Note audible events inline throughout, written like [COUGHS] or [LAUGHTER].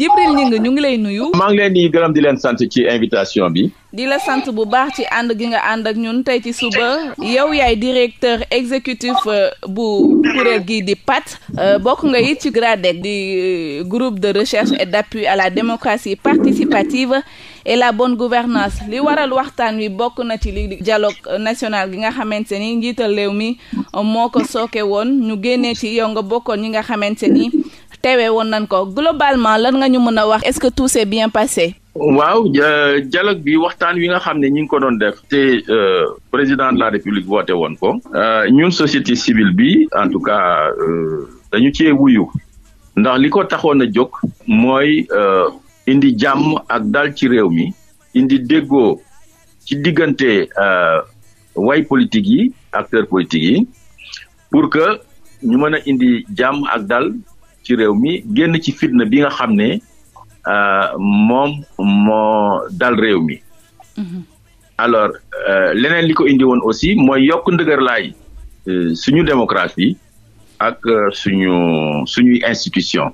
Djibril Gningue ñu ngi lay nuyu. maa ngi leen di gërëm di leen sant ci invitation bi. di la sant bu baax ci ànd gi nga ànd ak ñun tey ci suba yow yaay directeur exécutif euh, bu kuréel gi di PAT euh, bokk nga it ci GRADEC di euh, groupe de recherche et d'appui à la démocratie participative. et la bonne gouvernance li waral waxtaan wi bokk na ci li dialogue national gi nga xamante ni njiital lew mi euh, moo ko sooke woon ñu génnee ci yow nga bokkoon ñi nga xamante ni teewee woon nañ ko globalement lan nga ñu mën a wax est-ce que tout s'est bien passé waaw dialogue bi waxtaan wi nga xam ne ñi ngi ko doon def te euh, président de la république woote woon ko euh, ñun société civile bi en tout cas dañu ci wuyu ndax li ko taxoon a jóg mooy indi jàmm ak dal ci réew mi indi déggo ci diggante euh, way politique yi acteurs politiques yi pour que ñu mën a indi jàmm ak dal ci réew mi génn ci fitna bi nga xam ne euh, moom moo dal réew mi mhm. alors euh, leneen li ko indi woon aussi mooy yokk ndëgërlaay suñu démocratie ak suñu suñuy institution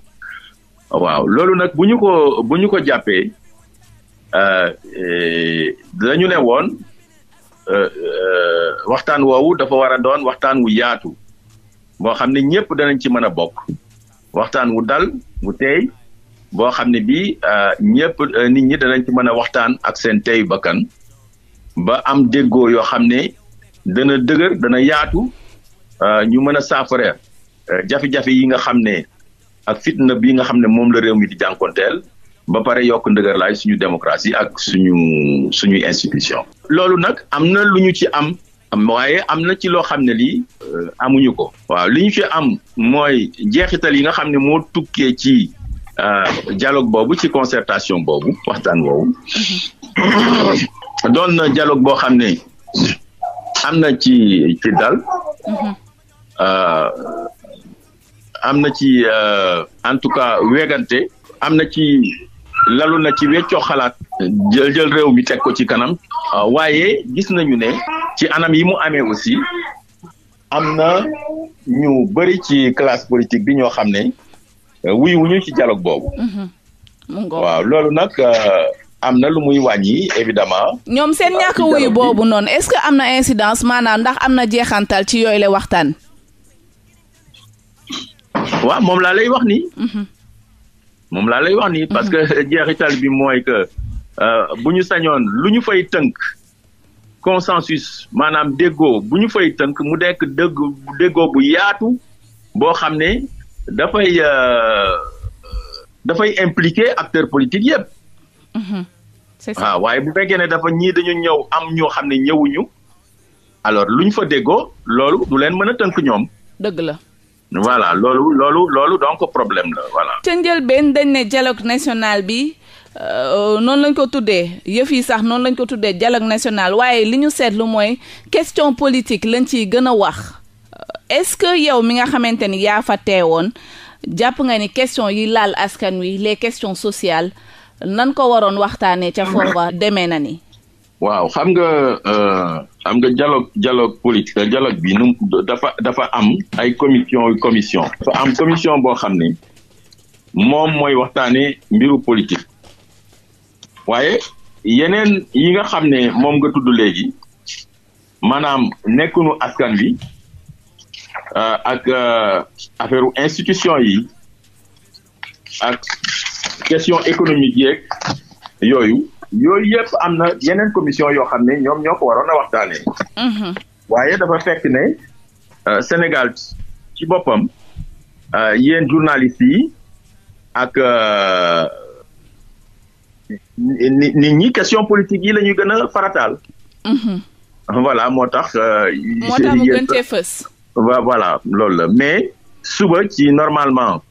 waaw loolu nag bu ñu ko bu ñu ko jàppee euh, euh, dañu ne woon euh, waxtaan woowu dafa war a doon waxtaan wu yaatu boo xam ne ñëpp danañ ci mën a bokk waxtaan wu dal wu tey boo xam ne bii ñëpp nit ñi danañ ci mën a waxtaan ak seen tey bakkan ba am déggoo yoo xam ne dana dëgër dana yaatu ñu mën a saafara jafe-jafe yi nga xam ne. ak fitna bi nga xam ne moom la réew mi di jànkonteel ba pare yokk ndëgërlaay suñu démocratie ak suñu suñuy institution loolu nag am na lu ñu ci am waaye am na ci loo xam ne lii euh, amuñu ko waaw li ñu ci am mooy jeexital yi nga xam ne moo tukkee ci euh, dialogue boobu ci concertation boobu waxtaan boobu [COUGHS] doon na dialogue boo xam ne am na ci ci dal mm-hmm. euh, am na ci euh, en tout cas wegante am na ci lalu na ci weccoo xalaat jël jël réew mi teg ko ci kanam euh, waaye gis nañu ne ci anam yi mu amee aussi am na ñu bëri ci classe politique bi ñoo xam ne euh, wuy wuñu ci dialogue boobu mhm. waaw loolu nag am na lu muy wàññi évidemment ñoom seen ñàkk wuyu boobu noonu est-ce que am na incidence maanaam ndax am na jeexantal ci yooyu la waxtaan waaw moom laa lay wax nii. Mhm. moom laa lay wax nii parce que mhm. jeexital bi mooy que euh, bu ñu sañoon lu ñu fay tënk consensus maanaam déggoo bu ñu fay tënk mu dekk dëgg déggoo bu yaatu boo xam ne dafay euh, dafay impliquer acteurs politiques yëpp. Mhm. c'est ça waaw waaye bu fekkee ne dafa ñii dañu ñëw am ñoo xam ne ñëwuñu alors luñ fa déggoo loolu du leen mën a tënk ñoom. dëgg la voilà loolu loolu loolu donc problème la voilà. ca njëlbeen dañ ne dialogue national bi euh, noonu lañ ko tuddee yëf yi sax noonu lañ ko tuddee dialogue national waaye li ñu seetlu mooy question politique lañ ciy gën a wax euh, est-ce que yow mi nga xamante ni yaa fa teewoon jàpp nga ni question yi laal askan wi les questions sociales nan ko waroon waxtaanee ca foofa demee na ni. waaw xam nga euh, xam nga dialogue dialogue politique euh, dialogue bi dafa dafa am ay commission commission dafa am commission boo xam ne moom mooy waxtaane mbiru politique waaye yeneen yi nga xam ne moom nga tudd léegi maanaam nekkunu askan wi euh, ak affaire institution yi ak question économique yeeg yooyu yooyu yëpp am na yeneen commission yoo xam ne ñoom ñoo ko waroon a waxtaanee. Mhm. waaye dafa fekk ne euh, Sénégal ci boppam euh, yéen journalistes yi ak euh, nit ñi question politique yi la ñuy gën a farataal. Mhm. voilà moo tax. moo tax mu gën cee fës. voilà loolu la mais suba ci normalement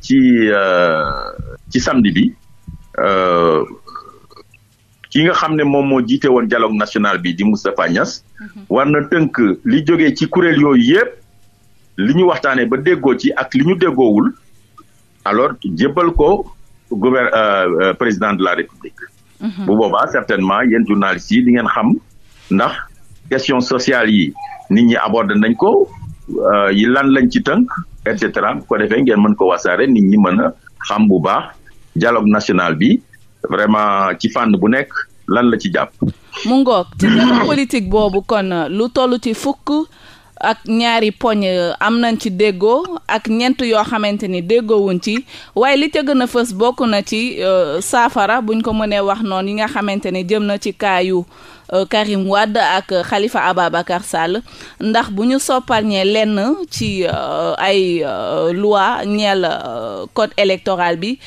ci ci samedi bi. Euh, ki nga xam ne moom moo jiite woon dialogue national bi di Moustapha Niass. Mhm. war na tënk li jógee ci kuréel yooyu yëpp li ñu waxtaanee ba déggoo ci ak li ñu déggoowul alors jébbal ko gouvern euh, euh, président de la république. Mhm. bu boobaa certainement yéen journalistes yi di ngeen xam ndax question sociale yi nit ñi abordé nañ ko yi lan lañ ci tënk et cetera ko defee ngeen mën ko wasaare nit ñi mën a xam bu baax. dialogue national bi vraiment ci fànn bu nekk lan la ci jàpp. mu ngoog ci dialogue politique boobu kon lu toll ci fukk. ak ñaari poñ euh, am nañ ci déggoo ak ñent yoo xamante ni déggoowuñ ci waaye li ca gën a fës bokk na ci euh, saafara buñ ko mënee wax noonu yi nga xamante ni jëm na ci kaayu euh, Karim Wade ak xalifa Ababacar Sall ndax bu ñu sopparñee lenn ci ay loi ñeel code électoral bi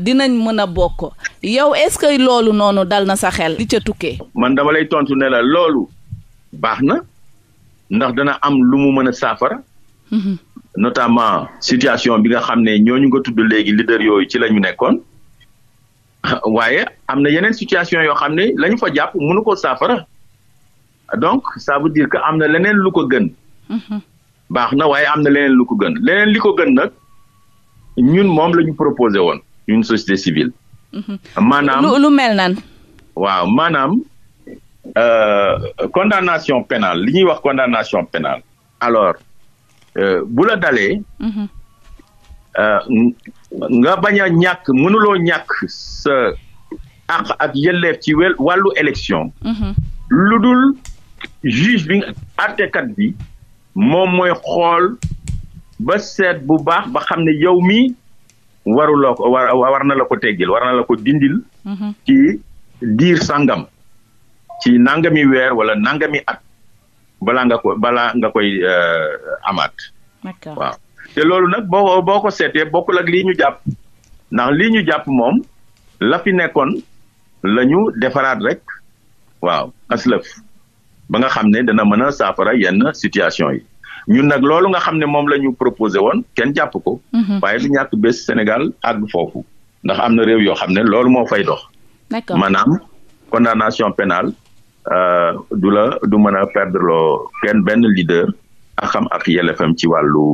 dinañ mën a bokk yow est-ce que loolu noonu dal na sa xel li ca tukkee. man dama lay tontu ne la loolu baax na. ndax dana am lu mu mën a saafara. Mhm. notamment situation bi nga xam ne ñooñu nga tudd léegi leader yooyu ci la ñu nekkoon waaye am na yeneen situation yoo xam ne la ñu fa jàpp mënu ko saafara donc ça veut dire que am na leneen lu ko gën. Mhm. baax na waaye am na leneen lu ko gën leneen li ko gën nag ñun moom la ñu woon une société civile. Mhm. maanaam lu lu mel waaw maanaam Euh, condamnation pénale li ñuy wax condamnation pénale alors euh, bu la dalee. Mhm. Euh, nga bañ a ñàkk mënuloo ñàkk sa ak yelleef ci wàllu élection. Mhm. lu dul juge bi àttekat bi moom mooy xool ba seet bu baax ba xam ne yow mi waruloo ko war war na la ko teggil war na la ko dindil. Mhm. ci diir sàngam. ci nangami weer wala nangami at balaa nga ko balaa nga koy euh, amaat. d'accord te loolu nag boo boo ko seetee bokkul ak lii ñu jàpp ndax lii ñu jàpp moom la fi nekkoon la ñu defaraat rek waaw aslëf ba nga xam ne dana mën a saafara yenn situation yi. ñun nag loolu nga xam ne moom la ñu proposé woon kenn jàpp ko. Mhm. waaye du ñàkk bés Sénégal àgg foofu. ndax am na réew yoo xam ne loolu moo fay dox. d'accord condamnation pénale Euh, du la du mën a perdre loo kenn benn lideur ak xam ak yelefam ci wàllu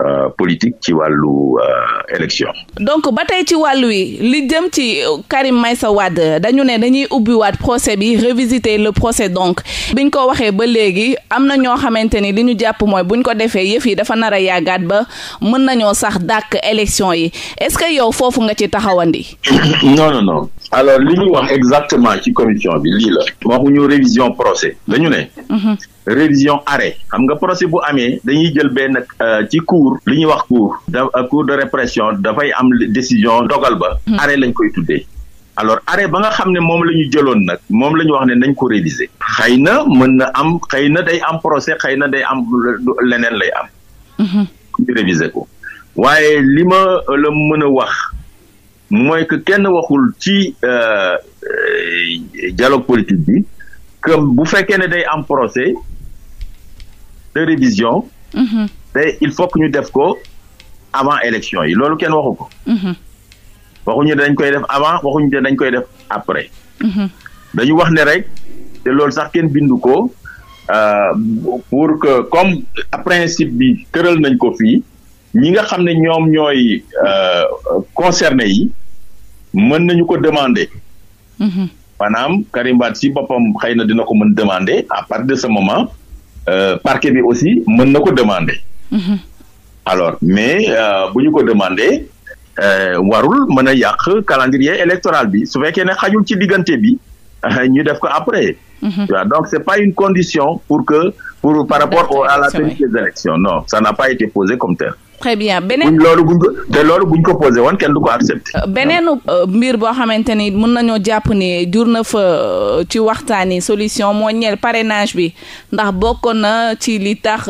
Euh, politique ci wàllu euh, élection. donc ba tey ci wàllu wi li jëm ci euh, Karim Meïssa Wade dañu ne dañuy ubbiwaat procès bi revisiter le procès donc biñ ko waxee ba léegi am na ñoo xamante ni li ñu jàpp mooy buñ ko defee yëf yi dafa nar a yàggaat ba mën nañoo sax dàkk élection yi est-ce que yow foofu nga ci taxawandi. [COUGHS] non non non alors li ñu wax exactement ci commission bi lii la. waxuñu révision procès dañu ne. Mhm. révision arrêt xam nga procès bu amee dañuy jël benn euh, ci cour li ñuy wax cour da euh, cour de répression dafay am décision dogal ba arrêt lañ koy tuddee alors arrêt ba nga xam ne moom la ñu jëloon nag moom la ñu wax ne nañ ko réviser xëy na mën na am xëy na day am procès xëy na day am leneen lay am ñu réviser ko waaye li ma euh, la mën a wax mooy que kenn waxul ci dialogue politique bi que bu fekkee ne day am procès de révision. te mm-hmm. il faut que ñu def ko avant élection yi loolu kenn waxu ko. Mm-hmm. waxuñu dañ koy def avant waxuñu dañ koy def après. Mm-hmm. dañu wax ne rek te loolu sax kenn bindu ko euh, pour que comme principe bi tëral nañ ko fii ñi nga xam ne ñoom ñooy euh, concerné yi mën nañu ko demander. maanaam Karim Wade si boppam xëy na dina ko mën demander à partir de ce moment. Euh, parquet bi aussi mën na ko demander. Mhm. alors mais euh, bu ñu ko demander euh, warul mën a yàq électoral bi su fekkee ne xajul ci diggante bi ñu def ko après. waaw mhm. donc c'est pas une condition pour que pour par rapport au la tenue des élections non n'a pas été posé comme tel. très bien beneen loolu buñ ko te loolu buñ ko posé woon kenn du ko accepté. Euh, beneenu euh, mbir boo xamante ni mun nañoo jàpp ni jur na fa euh, ci waxtaan yi solution moo parenage bi ndax bokkoon na ci li tax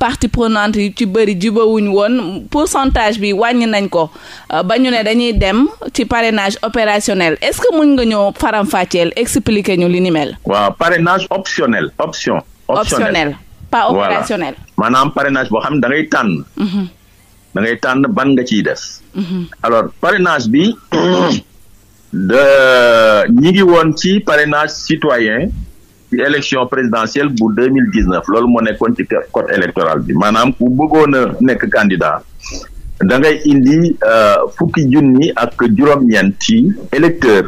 partie prenante yi ci bëri jubawuñ woon pourcentage bi wàññi nañ ko ba ñu ne dañuy dem ci parenage opérationnel est-ce que mun nga ñoo faram-fàcceel expliquer ñu li ni mel. waaw parrainage optionnel. optionnel. pas opérationnel. voilà maanaam parrainage boo xam ne da ngay tànn. Mhm. da tànn ban nga ciy def. Mhm. alors parrainage bi. [CLEARS THROAT] de ñi ngi woon ci parrainage citoyen ci élection présidentielle bu mille dix neuf loolu moo nekkoon ci code électoral bi maanaam ku bëggoon nekk candidat da ngay indi euh, fukki junni ak juróom-ñeent ci électeur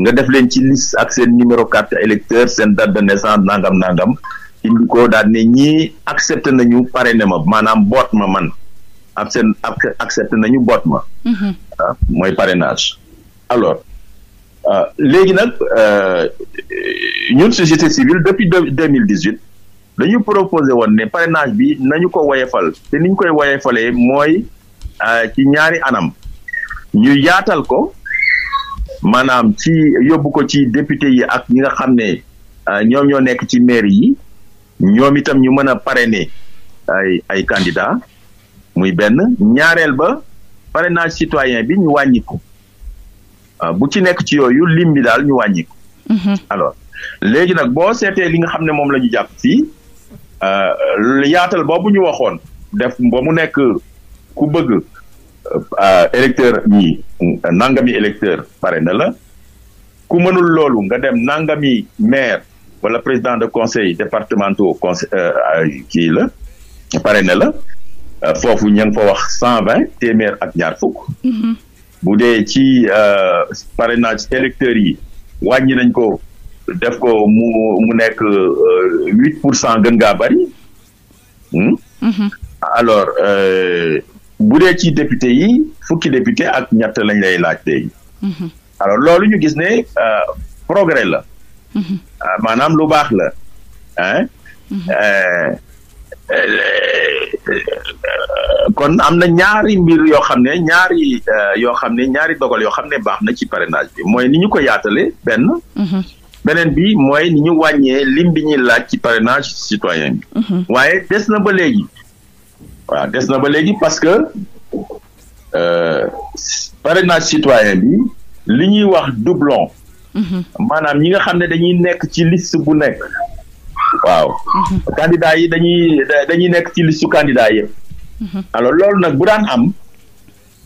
nga def leen ci liste ak seen numéro carte électeur seen date de naissance nangam nangam indi ko daal ne ñii accepté nañu parrainé ma maanaam boot ma man accepté nañu boot ma mm-hmm. ah, mooy parenage alors ah, léegi nag euh, ñun société civile depuis deux mille dix huit dañu proposé woon ne parrainage bi nañu ko woyefal te niñ koy woyefalee mooy ah, ci ñaari anam ñu yaatal ko maanaam ci yóbbu ko ci député yi ak ñi nga xam ne ñoom ñoo nekk ci maire yi ñoom itam ñu mën a parrainer ay ay candidats muy benn ñaareel ba pare na citoyen bi ñu wàññiku ah, bu ci nekk ci yooyu lim bi daal ñu wàññiku mm-hmm. alors léegi nag boo seetee li nga xam ne moom la ñu jàpp fii euh, yaatal boobu ñu waxoon def ba mu nekk ku bëgg euh, électeur ñi nangami électeur pare na la ku mënul loolu nga dem nangami maire wala président de conseil départementaux conseil euh, euh, kii la parrainé la euh, foofu ñu ngi fa wax cent vingt téeméer ak ñaar fukk. Mhm. bu dee ci parrainage électeurs yi wàññi nañ ko def ko mu mu nekk huit pour cent gën ngaa bari. Hmm? Mhm. alors bu dee ci député yi fukki député ak ñett lañ lay laaj tey. Mhm. alors loolu ñu gis ne progrès la. Ah, maanaam lu baax la ah. kon am na ñaari mbir yoo xam ne ñaari yoo xam ne ñaari dogal yoo xam ne baax na ci parrainage bi mooy ni ñu ko yaatale benn. Mhm. beneen bi mooy ni ñu wàññee lim bi ñuy laaj ci parrainage citoyen bi. Mhm. waaye des na ba léegi. waaw des na ba léegi parce que euh, parrainage citoyen bi li ñuy wax doublon maanaam ñi nga xam ne dañuy nekk ci liste bu nekk waaw candidat yi dañuy dañuy nekk ci listu candidat yëpp alors loolu nag bu daan am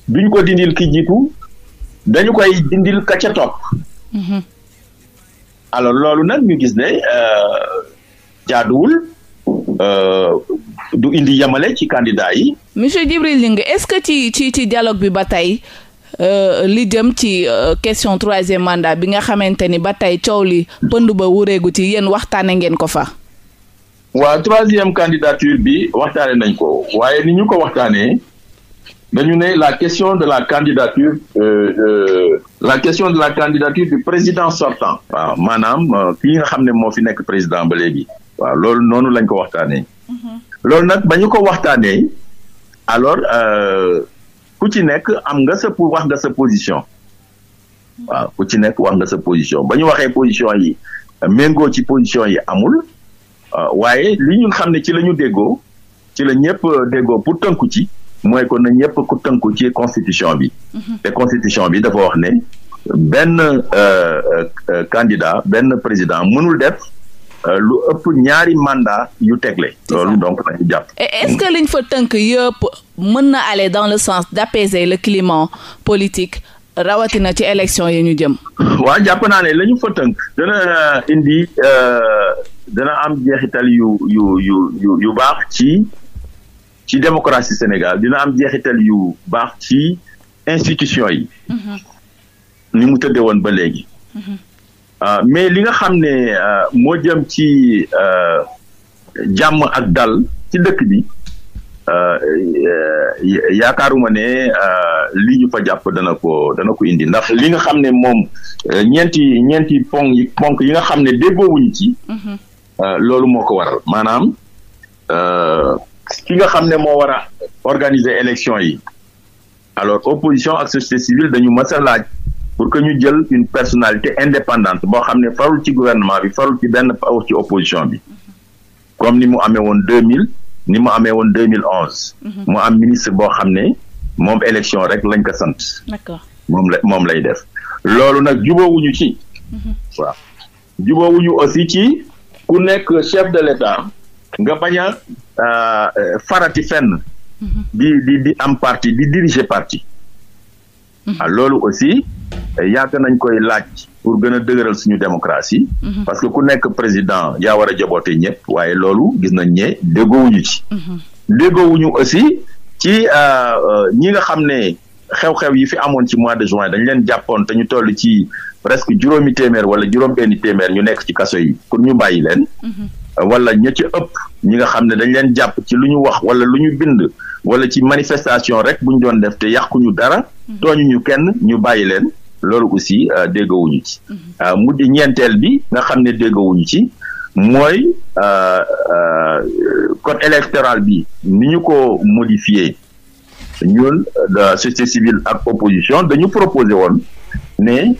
duñ ko dindil ki jiitu dañu koy dindil ka ca topp alors loolu nag ñu gis ne euh, jaaduwul euh, du indi yamale ci candidat yi monsieur Djibril Gningue est-ce que ci ci ci dialogue bi ba tey Euh, li jëm ci euh, question troisième mandat bi nga xamante ni ba tey coow li pënd ba wureegu ci yéen waxtaane ngeen ko fa waa troisième candidature bi waxtaane nañ ko waaye ni ñu ko waxtaanee dañu ne la question de la candidature euh, euh la question de la candidature du président sortant waaw maanaam ki nga xam ne moo fi nekk président ba léegi waaw loolu noonu lañ ko waxtaanee mhm. loolu nag ba ñu ko waxtaanee alors ku ci nekk am nga sa pour wax nga sa position waaw ku ci nekk wax nga sa position ba ñu waxee position yi méngoo ci position yi amul ah, waaye li ñu xam ne ci lañu ñu déggoo ci la ñëpp euh, déggoo pour tënku ci mooy ko na ñëpp ku tënku ci constitution bi mm-hmm. te constitution bi dafa wax ne benn euh, euh, candidat benn président mënul def Euh, lu ëpp ñaari mandat yu tegle loolu donc nañu est-ce que liñ fa tënk yëpp mën na aller dans le sens d'apaiser le climat politique rawatina ci élection yi ñu jëm waa jàpp naane lañu la tënk dana indi euh, dana am jeexital yu yu yu yu baax ci ci démocratie Sénégal dina am jeexital yu baax ci institution yi mhm. ni mu tëddee woon ba léegi mhm. Euh, mais li nga xam ne euh, moo jëm ci euh, jàmm ak dal ci dëkk bi yaakaaruma ne li ñu fa jàpp dana ko dana ko indi ndax li nga xam ne moom ñeenti ñeenti ponk yi ponk yi nga xam ne déggoowuñu ci mhm. loolu moo ko waral maanaam ki nga xam ne moo war a organiser élection yi alors opposition ak société civile dañu mas a laaj pour que ñu jël une personnalité indépendante boo xam ne farul ci guvernement bi farul ci benn farul ci opposition bi comme ni mu amee woon deux mille ni mu amee woon deux mille onze mhm. mu am ministre boo xam ne moom élection rek lañ ko sant moom la moom lay def loolu nag jubóowuñu ci mhm. waaw jubóowuñu aussi ci ku nekk chef de l'État nga bañ a euh, farati fenn mhm. di di di am parti di diriger parti Mm-hmm. ah loolu aussi eh, yàgg nañ koy laaj pour gën a dëgëral suñu démocratie. Mm-hmm. parce que ku nekk président yaa war a jaboote ñëpp waaye loolu gis nañ ne déggoowuñu ci. Mm-hmm. déggoowuñu aussi ci ah, euh, ñi nga xam ne xew-xew yi fi amoon ci mois de juin dañ leen jàppoon te ñu toll ci presque juróomi téeméer wala juróom benni téeméer ñu nekk ci kaso yi pour ñu bàyyi leen. wala ña ëpp ñi nga xam ne dañ leen jàpp ci lu ñu wax wala lu ñu bind wala ci manifestation rek bu doon def te yàquñu dara. ñu kenn ñu bàyyi leen loolu aussi euh, déggawuñu ci mhm. euh, mujj ñeenteel bi nga xam ne déggawuñu ci mooy euh, code électoral bi ni ñu ko modifié ñun société civile ak opposition dañu proposé woon ne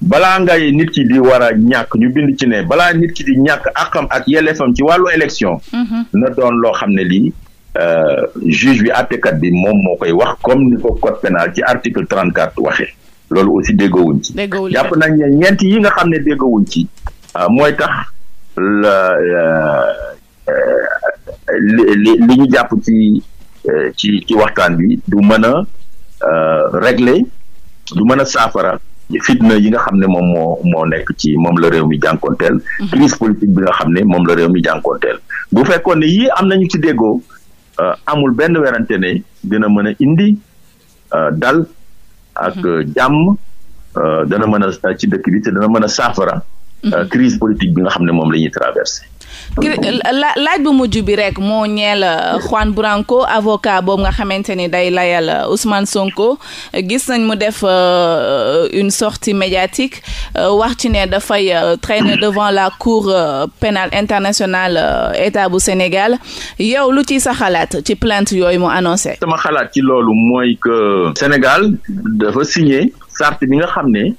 balaa ngay nit ki di war a ñàkk ñu bind ci ne balaa nit ki di ñàkk àqam ak yelleefam ci wàllu élection mhm. na doon loo xam ne lii Euh, juge bi àttekat bi moom moo koy wax comme ni ko code pénal ci article trente quatre waxee loolu aussi déggoowuñ ci jàpp nañ ne ñeent yi nga xam ne déggoowuñ ci euh, mooy tax la euh, li ñu jàpp ci ci ci waxtaan bi du mën a régler du mën a saafara fitna yi nga xam ne moom moo moo nekk ci moom la réew mi jànkoonteel mhm. crise politique bi nga xam ne moom la réew mi jànkoonteel bu fekkoon ne yii am nañu ci déggoo Euh, amul benn werante ne dina mën a indi euh, dal ak mhm. euh, jàmm dana mën a ci dëkk bi te dana mën a saafara mhm. crise politique bi nga xam ne moom la ñuy traversé laaj bu mujj bi rek moo ñeel uh, Juan Branco avocat boobu nga xamante ni day layal uh, Ousmane Sonko gis nañ mu def uh, une sortie médiatique wax ci ne dafay traîner devant la cour pénal internationale état bu Sénégal yow lu ci sa xalaat ci plante yooyu mu annoncé. xalaat ci loolu mooy que bi nga xam ne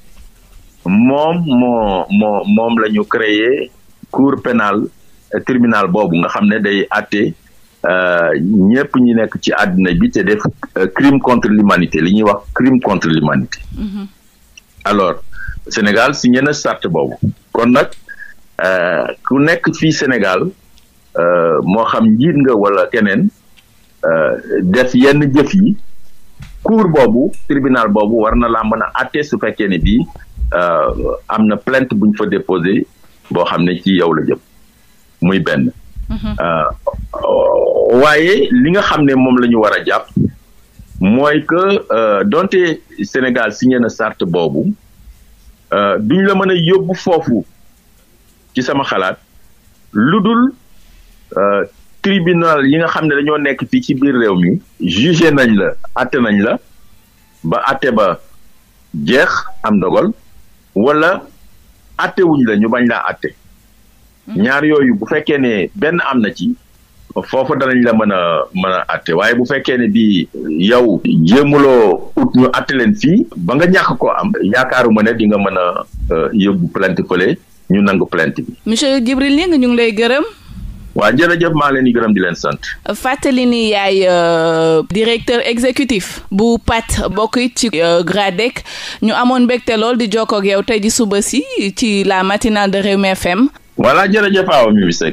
moom moom la ñu cour pénale tribunal boobu nga xam ne day àtte euh, ñëpp ñi nekk ci àddina bi te def euh, crime contre l'humanité li ñuy wax crime contre l'humanité mhm. alors Sénégal si na charte boobu kon nag euh, ku nekk fii Sénégal moo xam njiit nga wala keneen def yenn jëf yi cour boobu tribunal boobu war na laa mën a àtte su fekkee ne bii am na plainte buñ ñu fa déposé boo xam ne ci yow la jëm muy benn. Mhm. Euh, waaye li nga xam ne moom lañu ñu war a jàpp mooy que euh, donte Sénégal signé na charte boobu euh, duñ la mën a yóbbu foofu ci sama xalaat lu dul tribunal yi nga xam ne dañoo nekk fii ci biir réew mi jugé nañ la àtte nañ la ba àtte ba jeex am ndogal wala àtte wuñ la ñu bañ laa àtte Mm-hmm. ñaar yooyu bu fekkee ne benn am na ci foofu dalañ la mën a mën a atte waaye bu fekkee ne bii yow jéemuloo ut ñu atte leen fii ba nga ñàkk ko am yaakaaruma ne di nga mën a euh, yóbbu plainte ñu nangu plainte bi monsieur Djibril Gningue ñu ngi lay gërëm waa jërëjëf maa leen di gërëm di leen sant. fàttali ni yaay euh, directeur exécutif bu PAT bokk it ci euh, GRADEC ñu amoon mbégte lool di jokkoo ak yow tey ji suba si ci la matinale de Rewmi FM voilà jërëjëf Awa Mimi Seck